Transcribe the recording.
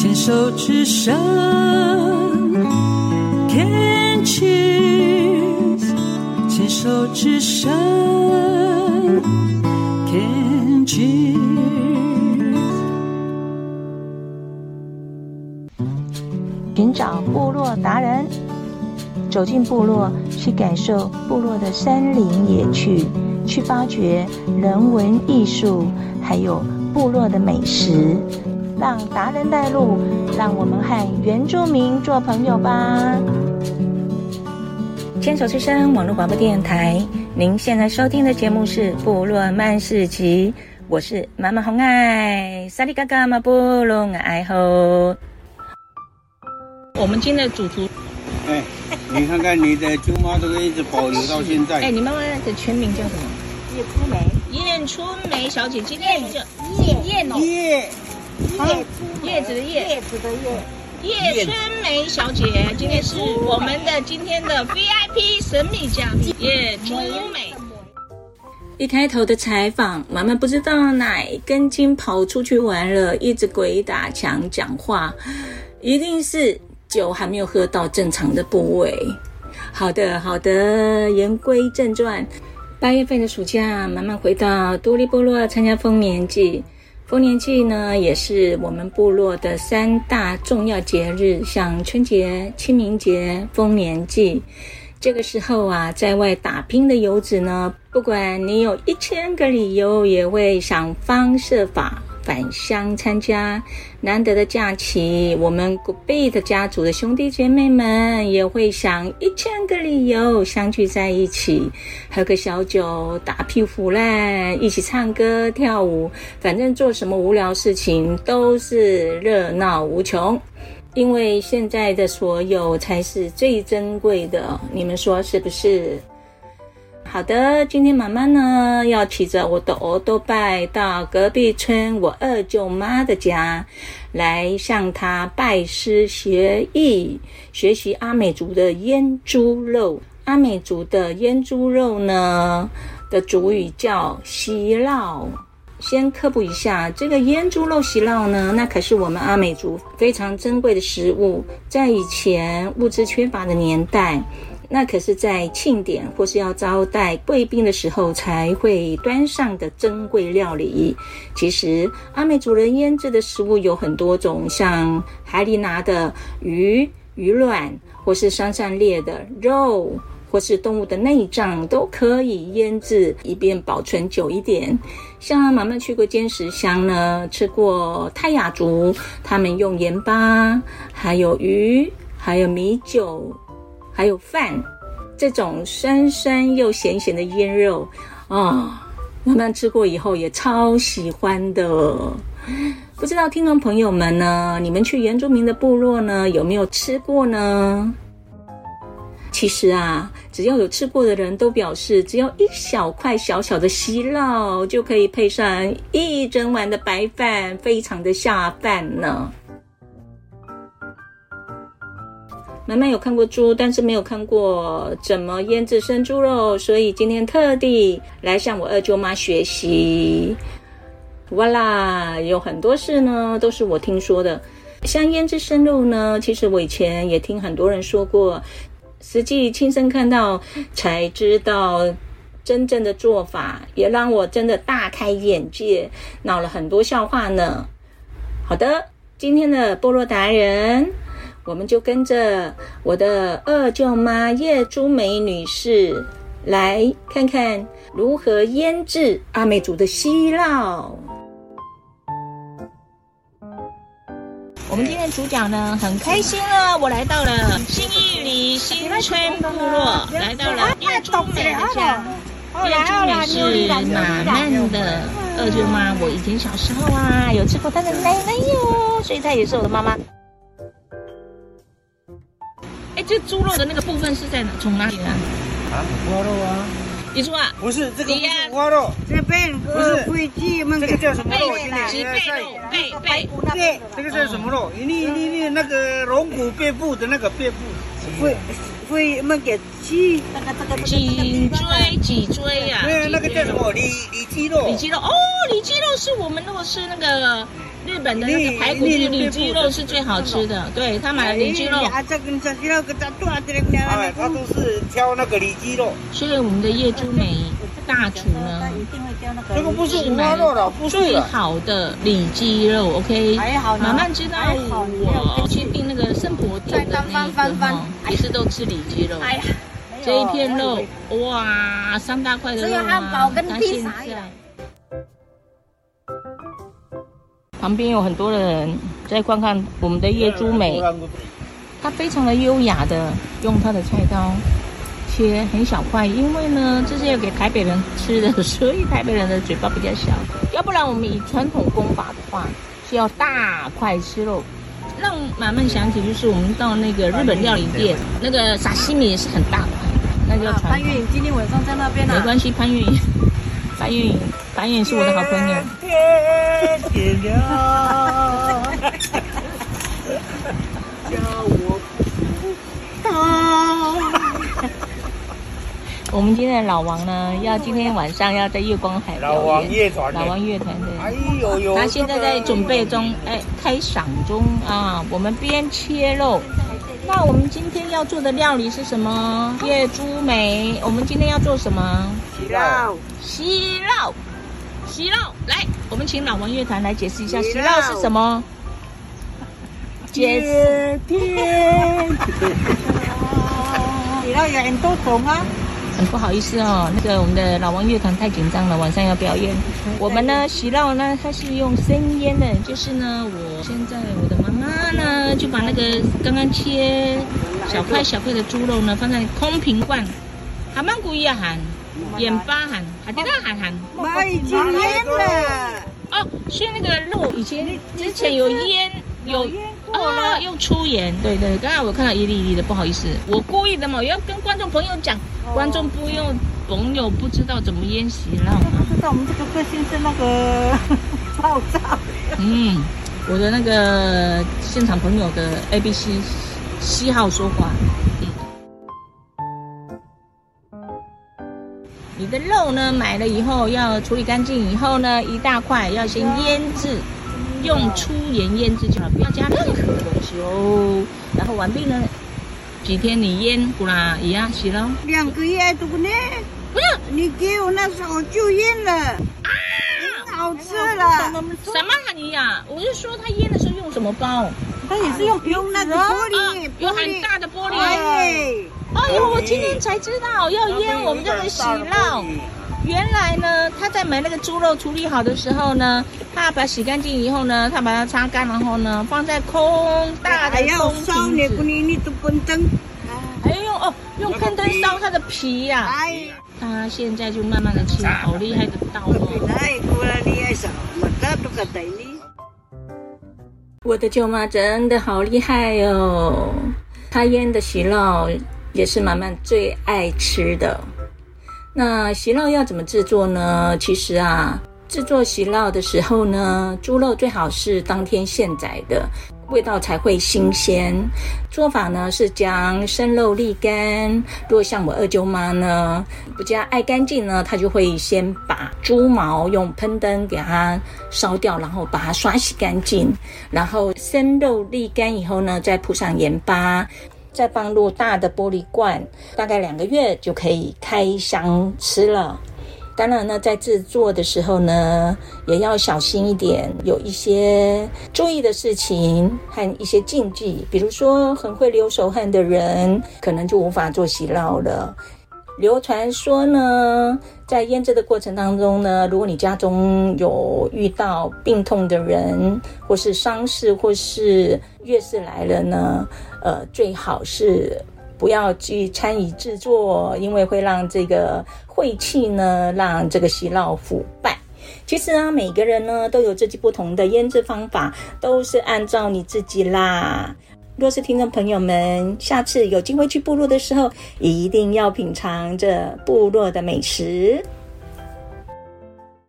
牽手之聲，Can cheer。牽手之聲，Can cheer。尋找部落達人，走進部落，去感受部落的山林野趣，去發掘人文藝術，還有部落的美食。讓達人帶路，讓我們和原住民做朋友吧。牽手之聲網絡廣播電台，您現在收聽的節目是《部落漫市集》，我是馬漫紅愛。薩利嘎嘎嘛，不隆愛吼。我們今天的主題哎，你看看你的舅媽這個一直保留到現在。哎，你媽媽的全名叫什麼？葉春梅。葉春梅小姐，今天叫葉葉哦。葉葉子的葉，葉子的葉，葉春梅小姐，今天是我們的今天的 VIP 神秘嘉賓葉春梅。一開頭的採訪，馬漫不知道哪根筋跑出去玩了，一直鬼打牆講話，一定是酒還沒有喝到正常的部位。好的，好的，言歸正傳，八月份的暑假，馬漫回到都歷部落參加豐年祭。豐年祭呢，也是我們部落的三大重要節日，像春節、清明節、豐年祭。這個時候啊，在外打拼的遊子呢，不管你有一千個理由，也會想方設法。返鄉參加，難得的假期，我們古貝特家族的兄弟姐妹們也會想一千個理由相聚在一起，喝個小酒，打屁股啦，一起唱歌跳舞，反正做什麼無聊事情都是熱鬧無窮。因為現在的所有才是最珍貴的，你們說是不是？好的，今天馬漫呢要騎着我的歐多拜到隔壁村我二舅媽的家，來向她拜師學藝，學習阿美族的醃豬肉。阿美族的醃豬肉呢的族語叫“西烙”。先科普一下，這個醃豬肉“西烙”呢，那可是我們阿美族非常珍貴的食物，在以前物資缺乏的年代。那可是，在慶典或是要招待貴賓的時候才會端上的珍貴料理。其實，阿美族人醃製的食物有很多種，像海裡拿的魚、魚卵，或是山上獵的肉，或是動物的內臟，都可以醃製，以便保存久一點。像媽媽去過尖石鄉呢，吃過泰雅族，他們用鹽巴，還有魚，還有米酒。還有飯，這種酸酸又鹹鹹的醃肉啊，馬漫、哦、馬漫吃過以後也超喜歡的。不知道聽眾朋友們呢，你們去原住民的部落呢，有沒有吃過呢？其實啊，只要有吃過的人都表示，只要一小塊小小的溪烙，就可以配上一整碗的白飯，非常的下飯呢。馬漫有看過豬，但是沒有看過怎麼醃製生豬肉，所以今天特地來向我二舅媽學習。哇啦，有很多事呢，都是我聽說的，像醃製生肉呢，其實我以前也聽很多人說過，實際親身看到才知道真正的做法，也讓我真的大開眼界，鬧了很多笑話呢。好的，今天的部落達人，我們就跟着我的二舅媽葉珠美女士來看看如何醃製阿美族的 siraw。我們今天主角呢，很開心了、哦，我來到了新玉里新村部落，來到了葉珠美的家。葉珠美是馬漫的二舅媽，我以前小時候啊有吃過她的奶奶喲，所以她也是我的媽媽。這豬肉的那個部分是在哪？從哪裡的啊？啊，五花肉啊！你說啊，不是這個是肉，不是五花肉，這個背骨，不是背脊嗎？這個叫什麼肉？今天雞背，背背背，這個叫什麼肉？一粒一粒一那個龍骨背部的那個背部，背背背脊雞。脊椎脊椎啊，那個叫什麼？里里脊肉。里脊肉哦，里脊肉，肉，肉、嗯、肉，肉是我們如果是那個。日本的那個排骨雞里脊肉是最好吃的，對他買了里脊肉。不他都是挑那個里脊肉。所以我們的葉珠美大廚呢，一定會挑那個。這個不是肉最好的里脊肉，OK。還好呢，馬漫知道我，去訂那個聖婆店的那個，哦、也是都吃里脊肉。這一片肉，哇，三大塊的肉啊！只有漢堡跟旁邊有很多的人在觀看我們的葉珠美，他非常的優雅的用他的菜刀切很小塊，因為呢，這是要給台北人吃的，所以台北人的嘴巴比較小，要不然我們以傳統工法的話是要大塊吃肉，讓馬漫想起就是我們到那個日本料理店，那個沙西米也是很大塊，那個叫潘運，今天晚上在那邊了，沒關係，潘運，潘運。導演是我的好朋友。哈哈哈！哈哈哈！我們今天的老王呢，要今天晚上要在月光海表演。老王樂團。老王樂團的。哎呦呦！他現在在準備中，哎，開嗓中啊！我們邊切肉。那我們今天要做的料理是什麼？葉珠美。我們今天要做什麼？洗肉。西肉。siraw，來，我們請老王樂團來解釋一下 siraw 是什麼？解釋啊，siraw 有很多種啊。很不好意思哦，那個我們的老王樂團太緊張了，晚上要表演。我們呢，siraw 呢，它是用生醃的，就是呢，我現在我的媽媽呢，就把那個剛剛切小塊小塊的豬肉呢，放在空瓶罐，喊賣，故也要喊。鹽巴鹹，還加鹹鹹，我、啊啊啊啊啊、已經醃了。哦，是那個肉以前之前有醃，有啊、哦，又出鹽。對對，剛剛我看到一粒一粒的，不好意思，我故意的嘛，我要跟觀眾朋友講，哦、觀眾不用朋友不知道怎麼醃死啦。不知道我們這個個性是那個暴躁。嗯，我的那個現場朋友的 A B C C 號說話。的肉呢，買了以後要處理乾淨以後呢，一大塊要先醃製，嗯啊、用粗鹽醃製就好，不要加任何東西哦。然後完畢呢？幾天你醃，過啦一樣，洗了兩個月都不膩。不、啊、是你給我那時候就醃了啊，太好吃了。什麼啊你呀、啊？我就說他醃的時候用什麼包？他、啊、也是用用那個玻璃，、啊玻璃哦，有很大的玻璃。啊哦喲，我今天才知道要醃我們這個 siraw。原來呢，他在買那個豬肉處理好的時候呢，他把洗乾淨以後呢，他把它擦乾，然後呢放在空大的空瓶子。哎呦！燒你姑哩，你都不蒸。哎呦哦，用噴燈燒它的皮呀、啊。他現在就慢慢的切，好厲害的刀哦。我的舅媽真的好厲害哦，她醃的 siraw。也是馬漫最愛吃的。那 siraw 要怎麼製作呢？其實啊，製作 siraw 的時候呢，豬肉最好是當天現宰的，味道才會新鮮。做法呢是將生肉瀝乾。如果像我二舅媽呢，比較愛乾淨呢，她就會先把豬毛用噴燈給它燒掉，然後把它刷洗乾淨，然後生肉瀝乾以後呢，再鋪上鹽巴。再放入大的玻璃罐，大概兩個月就可以開箱吃了。當然呢，在製作的時候呢，也要小心一點，有一些注意的事情和一些禁忌。比如說，很會流手汗的人，可能就無法做 siraw 了。流傳說呢，在醃製的過程當中呢，如果你家中有遇到病痛的人，或是喪事，或是月事來了呢，呃，最好是不要去參與製作，因為會讓這個晦氣呢，讓這個 siraw 腐敗。其實啊，每個人呢都有自己不同的醃製方法，都是按照你自己啦。若是聽眾朋友們下次有機會去部落的時候，一定要品嘗這部落的美食。